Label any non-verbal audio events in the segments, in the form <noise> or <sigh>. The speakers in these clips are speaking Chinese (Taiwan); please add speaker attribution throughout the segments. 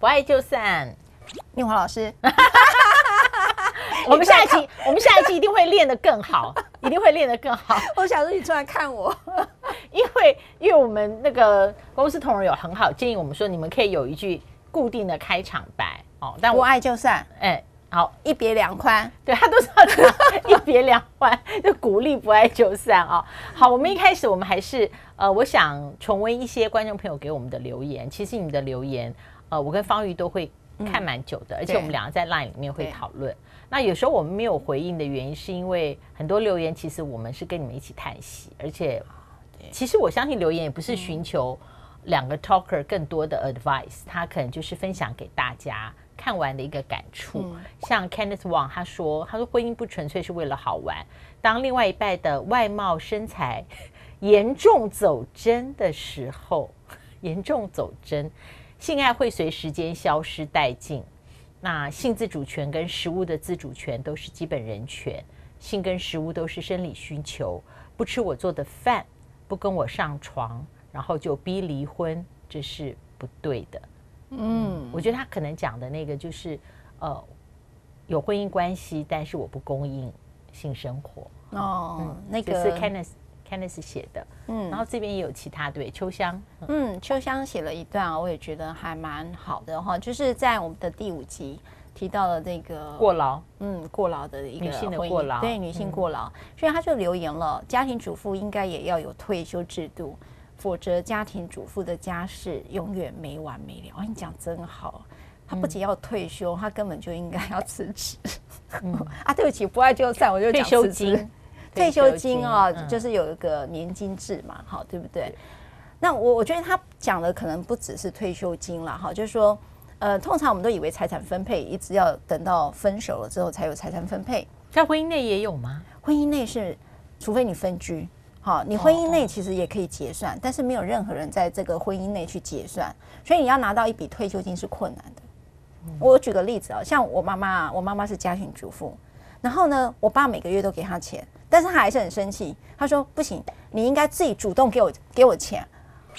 Speaker 1: 不愛就散，念華老師， <laughs> 我們下一期，我們下一期一定會練得更好， <laughs> 一定會練得更好。我想說你出來看我，因為因為我們那個公司同仁有很好建議，我們說你們可以有一句固定的開場白哦。但我不愛就散，哎、欸，好一別兩寬，對他都說一別兩寬，就鼓勵不愛就散哦。好，我們一開始我們還是呃，我想重溫一些觀眾朋友給我們的留言，其實你們的留言。呃，我跟芳玉都會看蠻久的，嗯、而且我們兩個在 Line 裡面會討論。那有時候我們沒有回應的原因，是因為很多留言其實我們是跟你們一起嘆息，而且其實我相信留言也不是尋求兩個 talker 更多的 advice，嗯、他可能就是分享給大家看完的一個感觸。嗯、像 Kenneth Wang 他說，他說，婚姻不純粹是為了好玩，當另外一半的外貌身材嚴重走真的時候，嗯、嚴重走真。性愛會隨時間消失殆盡，那性自主權跟食物的自主權都是基本人權。性跟食物都是生理需求，不吃我做的飯，不跟我上床，然後就逼離婚，這是不對的。
Speaker 2: 嗯，我覺
Speaker 1: 得他可能講的那個就是，呃，有婚姻關係，但是我不供應性生活。哦，
Speaker 2: 嗯，那個是
Speaker 1: Kenneth 寫的，嗯，然後這邊也有其他對，秋香，
Speaker 2: 嗯，嗯，秋香寫了一段啊，我也覺得還蠻好的哈，就是在我們的第五集提到了這、那個過勞，嗯，過勞的一個女性的過勞，對女性過勞，所以、嗯、他就留言了，家庭主婦應該也要有退休制度，否則家庭主婦的家事永遠沒完沒了。我、哦、跟你講真好，他不僅要退休，嗯、他根本就應該要辭職。嗯、啊，對不起，不愛就散，我就退休金。退休金哦，退休金、嗯、就是有一個年金制嘛，好、嗯、對不對？對，那我我覺得他講的可能不只是退休金了，好，就是說，呃，通常我們都以為財產分配一直要等到分手了之後才有財產分配，在婚姻內也有嗎？婚姻內是，除非你分居，好，你婚姻內其實也可以結算，哦、但是沒有任何人在這個婚姻內去結算，所以你要拿到一筆退休金是困難的。嗯、我舉個例子啊，像我媽媽，我媽媽是家庭主婦，然後呢，我爸每個月都給她錢。但是他還是很生氣，他說：“不行，你應該自己主動給我給我錢，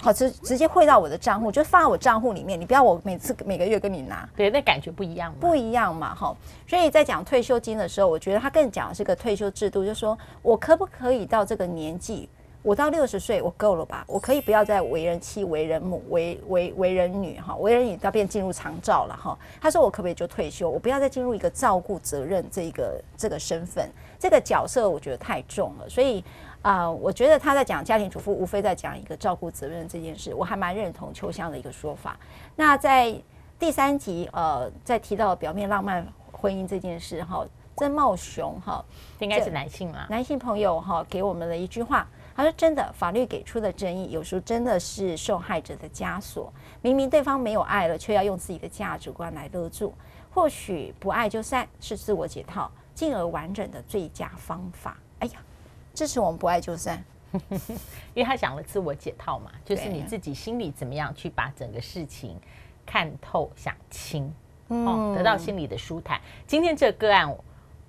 Speaker 2: 好直直接匯到我的賬戶，就放在我賬戶裡面，你不要我每次每個月跟你拿。”對，那感覺不一樣嗎？不一樣嘛，哈。所以在講退休金的時候，我覺得他更講的是個退休制度，就是說我可不可以到這個年紀？我到六十歲，我夠了吧？我可以不要再為人妻、為人母、為為為人女哈、喔，為人女到變進入長照了哈、喔。他說我可不可以就退休？我不要再進入一個照顧責任這個這個身份，這個角色我覺得太重了。所以啊、呃，我覺得他在講家庭主婦，無非在講一個照顧責任這件事。我還蠻認同秋香的一個說法。那在第三集，呃，在提到表面浪漫婚姻這件事哈、喔，曾茂雄哈，喔、應該是男性嘛，男性朋友哈、喔，給我們的一句話。他說：“真的，法律給出的爭議有時候真的是受害者的枷鎖。明明對方沒有愛了，卻要用自己的價值觀來勒住。或許不愛就散，是自我解套，進而完整的最佳方法。哎呀，支持我們不愛就散，因為他想
Speaker 1: 了自我解套嘛，就是你自己心裡怎麼樣去把整個事情看透、想清，
Speaker 2: 對嗯，得到心裡
Speaker 1: 的舒坦。今天這個，個案。”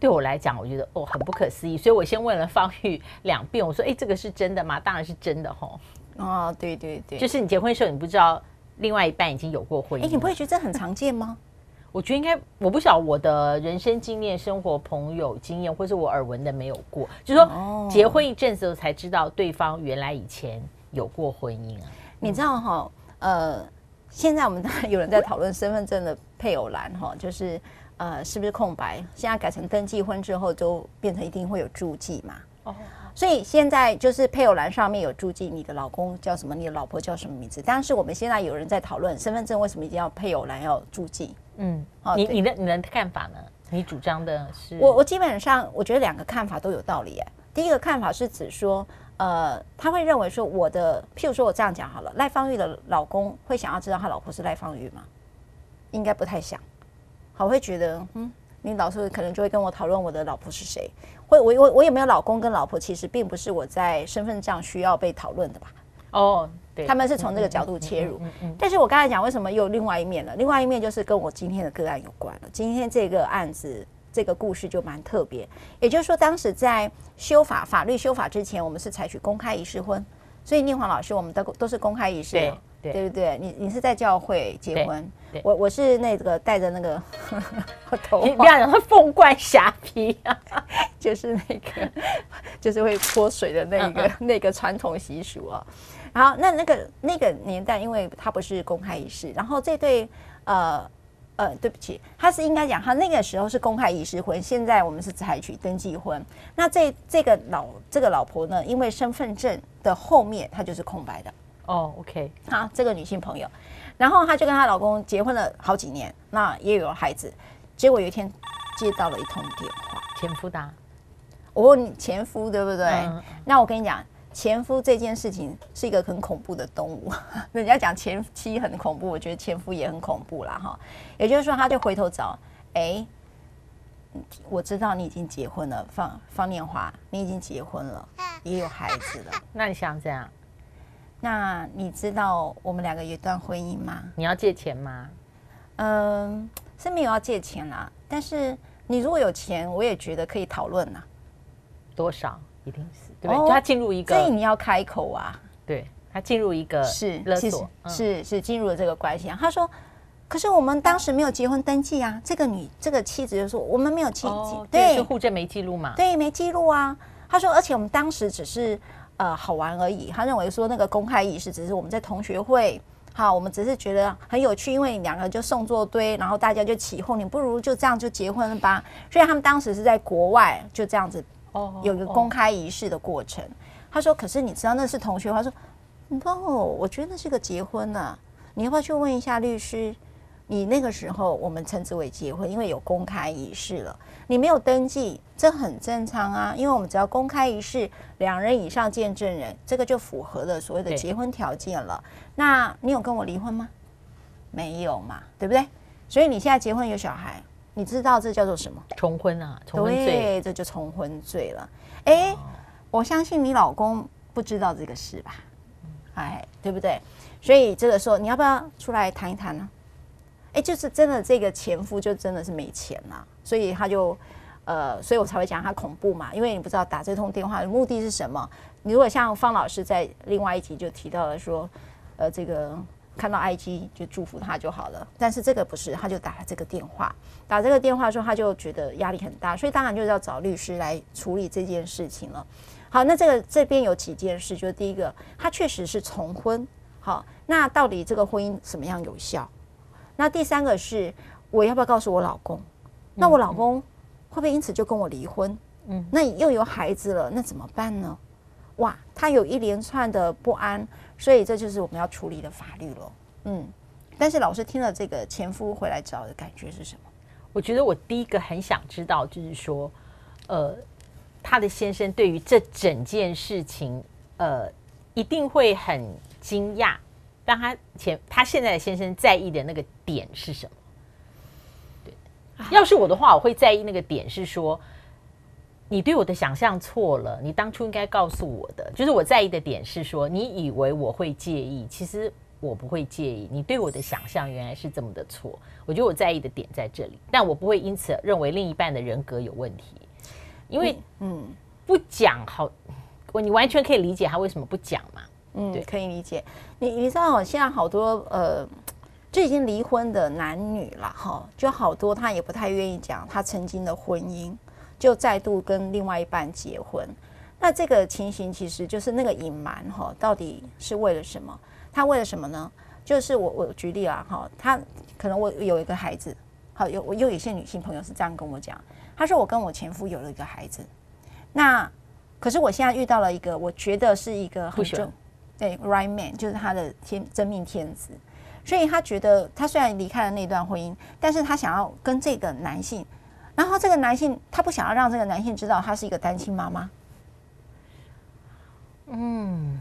Speaker 1: 對我來講，我覺得哦很不可思議，所以我先問了芳玉兩遍，我說：“哎，這個是真的嗎？”當然是真的哦，
Speaker 2: 對對對，就是
Speaker 1: 你結婚的時候，你不知道另外一半已經有過婚姻誒。你不會
Speaker 2: 覺得這很常見嗎？
Speaker 1: 我覺得應該，我不曉得我的人生經驗、生活、朋友經驗，或者我耳聞的沒有過，就是說、哦、結婚一陣子後才知道對方原來以前有過婚姻啊。
Speaker 2: 你知道哈？嗯、呃，現在我們當然有人在討論身份證的配偶欄哈，就是。呃，是不是空白？現在改成登記婚之後，就變成一定會有注記嘛。哦，oh. 所以現在就是配偶欄上面有注記，你的老公叫什麼？你的老婆叫什麼名字？但是我們現在有人在討論，身份證為什麼一定要配偶欄要注記？
Speaker 1: 嗯，哦、你對你的你的看法呢？你
Speaker 2: 主張的是？我我基本上我覺得兩個看法都有道理哎。第一個看法是指說，呃，他會認為說，我的譬如說我這樣講好了，賴芳玉的老公會想要知道他老婆是賴芳玉嗎？應該不太想。好，會覺得，嗯，你老師可能就會跟我討論我的老婆是誰，會我我我有沒有老公跟老婆，其實並不是我在身份上需要被討論的吧？哦，oh, 對，他們是從這個角度切入。但是我剛才講為什麼又有另外一面了？另外一面就是跟我今天的個案有關了。今天這個案子，這個故事就蠻特別。也就是說，當時在修法法律修法之前，我們是採取公開儀式婚，所以念華老師，我們都都是公開儀式。對，對不對？你你是在教會結婚，我我是那個帶着那個呵呵頭髮，你不要講他鳳冠霞帔啊， <laughs> 就是那個就是會潑水的那個嗯嗯那個傳統習俗啊。然後那那個那個年代，因為他不是公開儀式，然後這對呃呃，對不起，他是應該講他那個時候是公開儀式婚，現在我們是採取登記婚。那這這個老這個老婆呢，因為身份證的後面他就是空白的。哦、oh，OK，好，這個女性朋友，然後她就跟她老公結婚了好幾年，那也有孩子，結果有一天接到了一通電話，前夫的，我問、哦、你前夫對不對？嗯、那我跟你講，前夫這件事情是一個很恐怖的動物。 <laughs> 人家講前妻很恐怖，我覺得前夫也很恐怖啦。哈。也就是說，他就回頭找，哎，我知道你已經結婚了，方方念華，你已經結婚了，也有孩子了，那你想怎樣？那你知道我們兩個有一段婚姻嗎？
Speaker 1: 你要借錢嗎？嗯、
Speaker 2: 呃，是沒有要借錢啦。但是你如果有錢，我也覺得可以討論啊。多少？
Speaker 1: 一定
Speaker 2: 是、哦、對，對，吧，他進入一個。所以你要開口啊。
Speaker 1: 對，
Speaker 2: 他進入一個是勒索，是是，是，是，是進入了這個關係啊。嗯嗯、他說：“可是我們當時沒有結婚登記啊。”這個女這個妻子就說：“我們沒有登記、哦，對，對是戶政沒記錄嘛？對，沒記錄啊。”他說：“而且我們當時只是。”呃，好玩而已。他認為說，那個公開儀式只是我們在同學會，好，我們只是覺得很有趣，因為兩個人就送作堆，然後大家就起哄，你不如就這樣就結婚了吧。所以他們當時是在國外就這樣子，哦，有一個公開儀式的過程。Oh, oh, oh. 他說：“可是你知道那是同學。”他說：“ o、no, 我覺得那是個結婚呢、啊。你要不要去問一下律師？”你那個時候，我們稱之為結婚，因為有公開儀式了。你沒有登記，這很正常啊，因為我們只要公開儀式，兩人以上見證人，這個就符合了所謂的結婚條件了。對。那你有跟我離婚嗎？沒有嘛，對不對？所以你現在結婚有小孩，你知道這叫做什麼？重婚啊，重婚罪，對，這就重婚罪了。哎，我相信你老公不知道這個事吧？哎，對不對？所以這個時候，你要不要出來談一談呢？哎，欸、就是真的，這個前夫就真的是沒錢了，啊，所以他就，呃，所以我才會講他恐怖嘛，因為你不知道打這通電話的目的是什麼。你如果像方老師在另外一集就提到了說，呃，這個看到 IG 就祝福他就好了。但是這個不是，他就打了這個電話，打這個電話，說他就覺得壓力很大，所以當然就是要找律師來處理這件事情了。好，那這個這邊有幾件事，就是第一個，他確實是重婚。好，那到底這個婚姻怎麼樣有效？那第三個是我要不要告訴我老公？那我老公會不會因此就跟我離婚？嗯，那又有孩子了，那怎麼辦呢？哇，他有一連串的不安，所以這就是我們要處理的法律了。嗯，但是老師聽了這個前夫回來找的感覺是什麼？我覺得我第一個很想知道，就是說，呃，
Speaker 1: 他的先生對於這整件事情，呃，一定會很驚訝，但他前他現在的先生在意的那個。點是什麼？對，要是我的話，我會在意那個點是說，你對我的想象錯了。你當初應該告訴我的，就是我在意的點是說，你以為我會介意，其實我不會介意。你對我的想象原來是這麼的錯，我覺得我在意的點在這裡，但我不會因此認為另一半的人格有問題，因為
Speaker 2: 嗯，不講好，我你完全可以理解他為什麼不講嘛。嗯，對，可以理解。你你知道，我現在好多呃。就已經離婚的男女了，哈，就好多他也不太願意講他曾經的婚姻，就再度跟另外一半結婚。那這個情形其實就是那個隱瞞，哈，到底是為了什麼？他為了什麼呢？就是我我舉例啊，哈，他可能我有一個孩子，好有我又有一些女性朋友是這樣跟我講，她說我跟我前夫有了一個孩子，那可是我現在遇到了一個我覺得是一個很正，對，right man，就是他的天，真命天子。所以她覺得，她雖然離開了那段婚姻，但是她想要跟這個男性。然後這個男性，她不想要讓這個男性知道她是一個單親媽媽。嗯，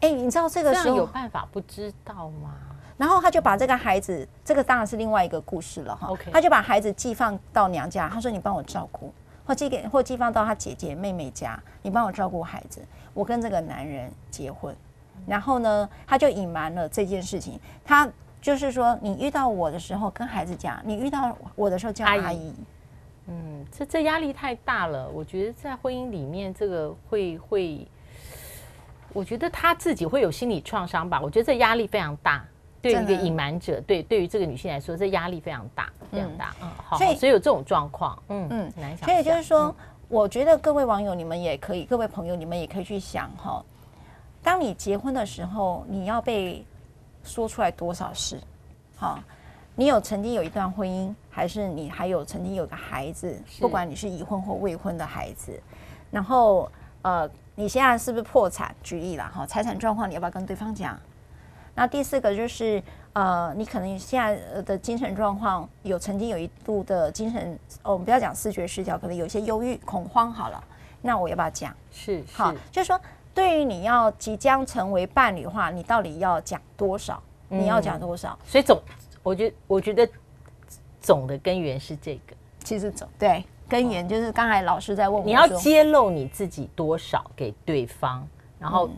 Speaker 2: 哎，你知道這個時候有辦法
Speaker 1: 不知道嗎？
Speaker 2: 然後他就把這個孩子，這個當然是另外一個故事了哈。OK，他就把孩子寄放到娘家，他說：“你幫我照顧，或寄給，或寄放到他姐姐妹妹家，你幫我照顧孩子，我跟這個男人結婚。”然後呢，他就隱瞞了這件事情。他就是說，你遇到我的時候，跟孩子講，你遇到我的時候叫阿姨。阿姨，嗯，
Speaker 1: 這這壓力太大了。我覺得在婚姻裡面，這個會會，我覺得他自己會有心理創傷吧。我覺得這壓力非常大，對於一個隱瞞者，對對於這個女性來說，這壓力非常大，非常大。嗯，嗯，好，好，所以，所以有這種狀況，嗯嗯，
Speaker 2: 很難想。所以就是說，我覺得各位網友你們也可以，各位朋友你們也可以去想哈。當你結婚的時候，你要被說出來多少事？好，你有曾經有一段婚姻，還是你還有曾經有個孩子？是不管你是已婚或未婚的孩子，然後呃，你現在是不是破產？舉例了哈，喔、財產狀況你要不要跟對方講？那第四個就是呃，你可能現在的精神狀況有曾經有一度的精神，哦、我們不要講思覺失調，可能有些憂鬱、恐慌。好了，那我要不要講？是，好，就是說。對於你要即將成為伴侶的話，你到底要講多少？嗯、你要講多少？所以總，我覺得，我
Speaker 1: 覺得總的根源是這個。
Speaker 2: 其實總對根源就是剛才老師在問我說，你要揭
Speaker 1: 露你自己多少給對方，然後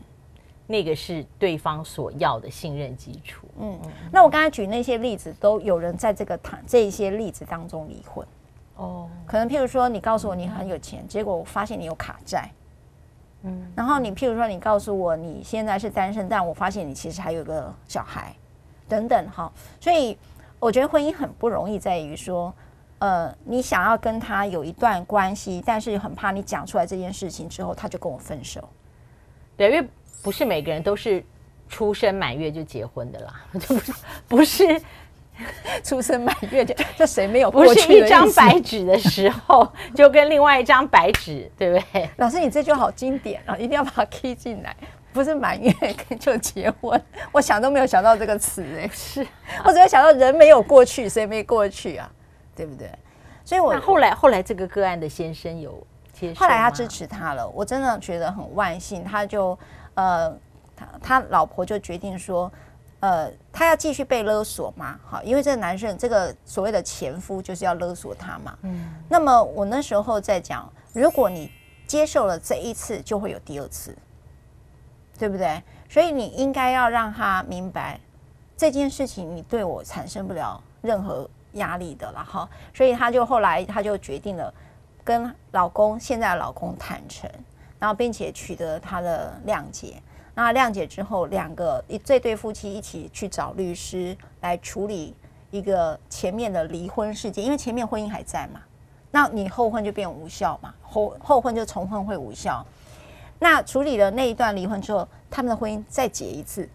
Speaker 1: 那個是對方所要的信任基礎。
Speaker 2: 嗯嗯。那我剛才舉那些例子，都有人在這個談這一些例子當中離婚。哦。可能譬如說，你告訴我你很有錢，嗯、結果我發現你有卡債。嗯，然後你譬如說，你告訴我你現在是單身，但我發現你其實還有個小孩，等等哈。所以我覺得婚姻很不容易，在於說，呃，你想要跟他有一段關係，但是很怕你講出來這件事情之後，他就跟我分手。
Speaker 1: 對，因為不是每個人都是出生滿月就結婚的啦，就不
Speaker 2: 是不是。
Speaker 1: <laughs> 出生滿月就就誰沒有過去？不是一張白紙的時候， <laughs> 就跟另外一張
Speaker 2: 白紙，對不對？老師，你這句好經典 <laughs> 啊，一定要把它 key 進來。不是滿月跟就結婚，我想都沒有想到這個詞哎、欸，是、啊、我只會想到人沒有過去，誰沒過去啊？對不對？所以我後來我後來這個個案的先生有接，後來他支持他了，我真的覺得很萬幸。他就呃，他他老婆就決定說。呃，他要繼續被勒索嘛？好，因為這個男生，這個所謂的前夫就是要勒索他嘛。嗯，那麼我那時候在講，如果你接受了這一次，就會有第二次，對不對？所以你應該要讓他明白這件事情，你對我產生不了任何壓力的了哈。所以他就後來他就決定了跟老公、現在的老公坦誠，然後並且取得他的諒解。那諒解之後，兩個一這對夫妻一起去找律師來處理一個前面的離婚事件，因為前面婚姻還在嘛，那你後婚就變無效嘛，後後婚就重婚會無效。那處理了那一段離婚之後，他們的婚姻再結一次，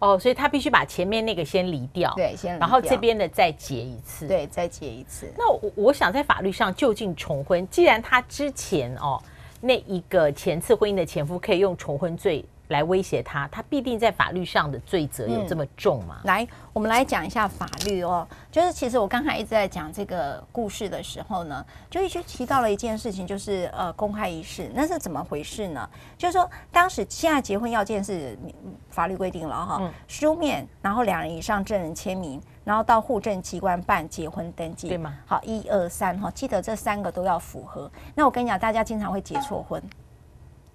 Speaker 1: 哦，所以他必須把前面那個先離掉，對，先然後這邊的再結一次，對，再結一次。那我我想在法律上究竟重婚，既然他之前哦那一個前次婚姻的前夫可以用重婚罪，來威脅他，
Speaker 2: 他必定在法律上的罪責有這麼重嗎、嗯？來，我們來講一下法律哦。就是其實我剛才一直在講這個故事的時候呢，就一直提到了一件事情，就是呃，公開儀式那是怎麼回事呢？就是說，當時現在結婚要件是法律規定了哈、哦，嗯、書面，然後兩人以上證人簽名，然後到戶政機關辦結婚登記，對嗎？好，一二三，哈，記得這三個都要符合。那我跟你講，大家經常會結錯婚，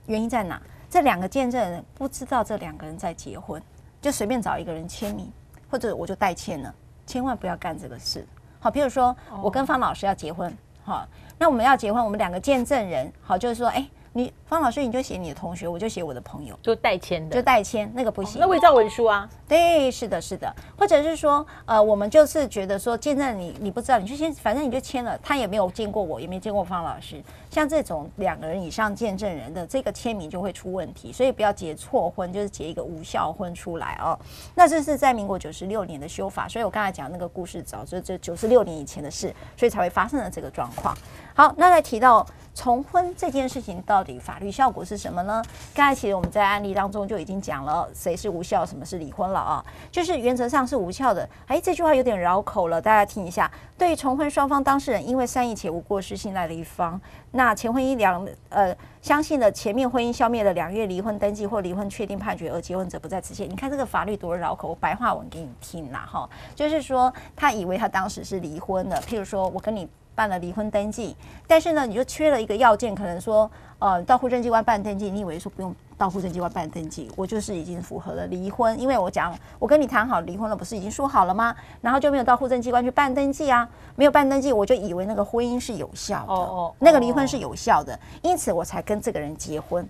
Speaker 2: 原因在哪？這兩個見證人不知道這兩個人在結婚，就隨便找一個人簽名，或者我就代簽了。千萬不要幹這個事，好，比如說我跟方老師要結婚，好，那我們要結婚，我們兩個見證人，好，就是說，哎。你方老師，你就寫你的同學，我就寫我的朋友，就代簽的，就代簽那個不行。哦、那偽造文書啊？對，是的，是的。或者是說，呃，我們就是覺得說，見證你，你不知道，你就先，反正你就簽了，他也沒有見過我，也沒見過方老師。像這種兩個人以上見證人的這個簽名就會出問題，所以不要結錯婚，就是結一個無效婚出來哦。那這是在民國九十六年的修法，所以我剛才講那個故事，早就是九十六年以前的事，所以才會發生了這個狀況。好，那再提到重婚這件事情到到底法律效果是什麼呢？剛才其實我們在案例當中就已經講了，誰是無效，什麼是離婚了啊？就是原則上是無效的。哎，這句話有點繞口了，大家聽一下。對於重婚雙方當事人，因為善意且無過失信賴的一方，那前婚姻兩呃，相信的前面婚姻消滅了兩願離婚登記或離婚確定判決而結婚者不在此限。你看這個法律多繞口，我白話文給你聽啦哈、哦，就是說他以為他當時是離婚的，譬如說我跟你。辦了離婚登記，但是呢，你就缺了一個要件，可能說，呃，到戶政機關辦登記，你以為說不用到戶政機關辦登記，我就是已經符合了離婚，因為我講，我跟你談好離婚了，不是已經說好了嗎？然後就沒有到戶政機關去辦登記啊，沒有辦登記，我就以為那個婚姻是有效的，哦哦，哦，哦，那個離婚是有效的，因此我才跟這個人結婚，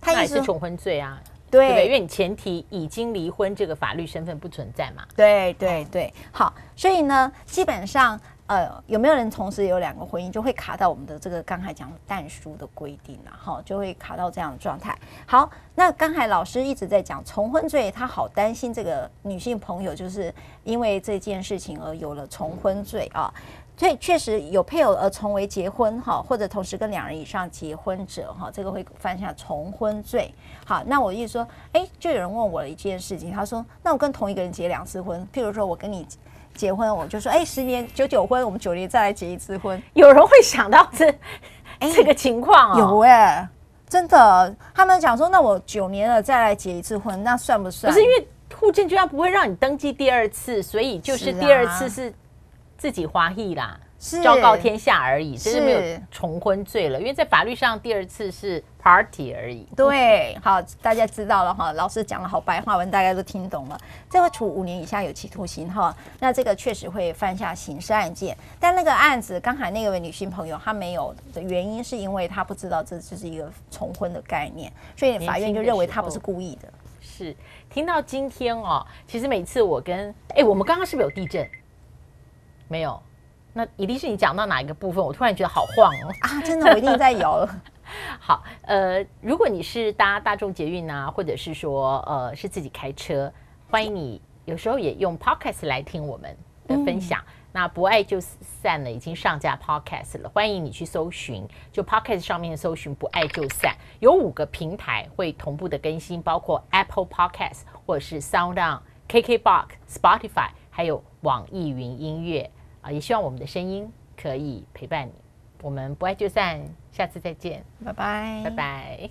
Speaker 2: 他也是重婚罪啊，對，對，因為你
Speaker 1: 前提已經離婚，這個法律身份不存在嘛，
Speaker 2: 對對對，嗯，好，所以呢，基本上。呃，有沒有人同時有兩個婚姻，就會卡到我們的這個剛才講的但書的規定了哈，就會卡到這樣的狀態。好，那剛才老師一直在講重婚罪，他好擔心這個女性朋友就是因為這件事情而有了重婚罪啊。所以確實有配偶而重為結婚哈、啊，或者同時跟兩人以上結婚者哈、啊，這個會犯下重婚罪。好，那我意思說，哎，就有人問我了一件事情，他說，那我跟同一個人結兩次婚，譬如說我跟你。結婚我就說，哎、欸，十年九九婚，我們九年再來結一次婚。有人會想到這、哎、這個情況啊、哦、有哎、欸，真的，他們講說，那我九年了再來結一次婚，那算不算？不是因為戶政居然不會讓你登記
Speaker 1: 第二次，所
Speaker 2: 以就是第二次是
Speaker 1: 自己華裔啦。昭是告天下而已，只是沒有重婚罪了，是因為在法律上第二次是 party 而已。對，
Speaker 2: 嗯、好，大家知道了哈，老師講了好白話文，大家都聽懂了。這個處五年以下有期徒刑哈，那這個確實會犯下刑事案件。但那個案子，剛才那位女性朋友她沒有的原因，是因為她不知道這就是一個重婚的概念，所以法院就認為她不是故意的、的。是，聽
Speaker 1: 到今天哦，其實每次我跟哎，我們剛剛是不是有地震？沒有。那一定是你講到哪一個部分，我突然覺得好晃哦！啊，真的，我一定在搖。 <laughs> 好，呃，如果你是搭大眾捷運啊，或者是說呃是自己開車，歡迎你有時候也用 Podcast 來聽我們的分享。嗯、那不愛就散了，已經上架 Podcast 了，歡迎你去搜尋，就 Podcast 上面搜尋“不愛就散”，有五個平台會同步的更新，包括 Apple Podcast 或者是 Sound On、KKBox、Spotify，還有網易雲音樂。啊，也希望我們的聲音可以陪伴你。我們不愛就散，下次再見，拜拜，拜拜。